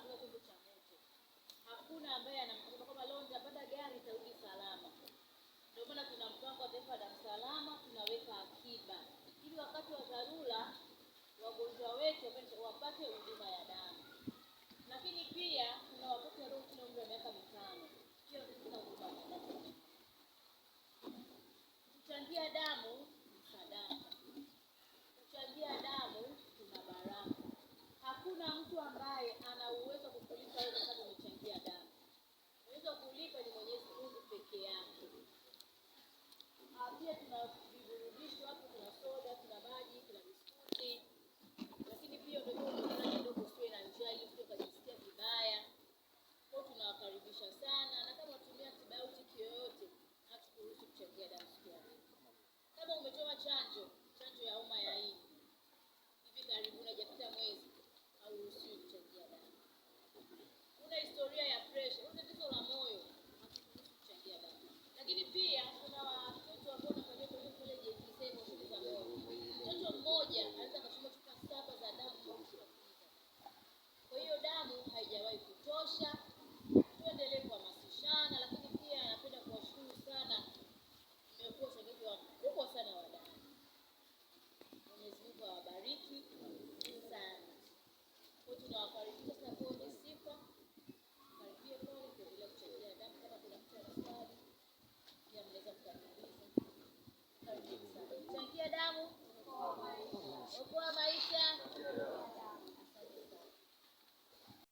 hakuna chombo cha moto, hakuna ambaye anamkumbuka kwamba leo nitapanda gari nitarudi salama. Ndio maana kuna mpango wa taifa Dar es Salaam tunaweka akiba ili wakati wa dharura wagonjwa wetu wapate huduma ya damu, lakini pia kuna watoto walio chini ya umri wa miaka mitano pia kuna huduma ya damu, kuchangia damu good enough Changia damu. Okoa maisha.